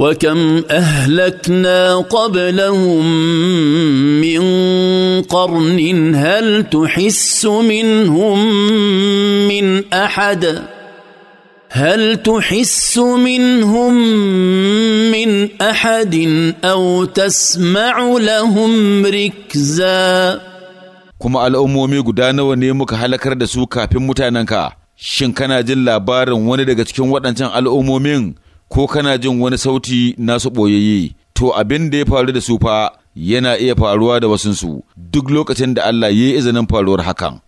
وكم اهلكنا قبلهم من قرن هل تحس منهم من احد هل تحس منهم من احد او تسمع لهم ركزا kuma al'ummomi guda nawa ne muka halakar da su kafin mutanenka shin kana jin labarin wani daga cikin waɗancan al'ummomin ko kana jin wani sauti nasu ɓoyayye, to abin da ya faru da su fa yana iya faruwa da wasunsu duk lokacin da Allah ya yi izinin faruwar hakan.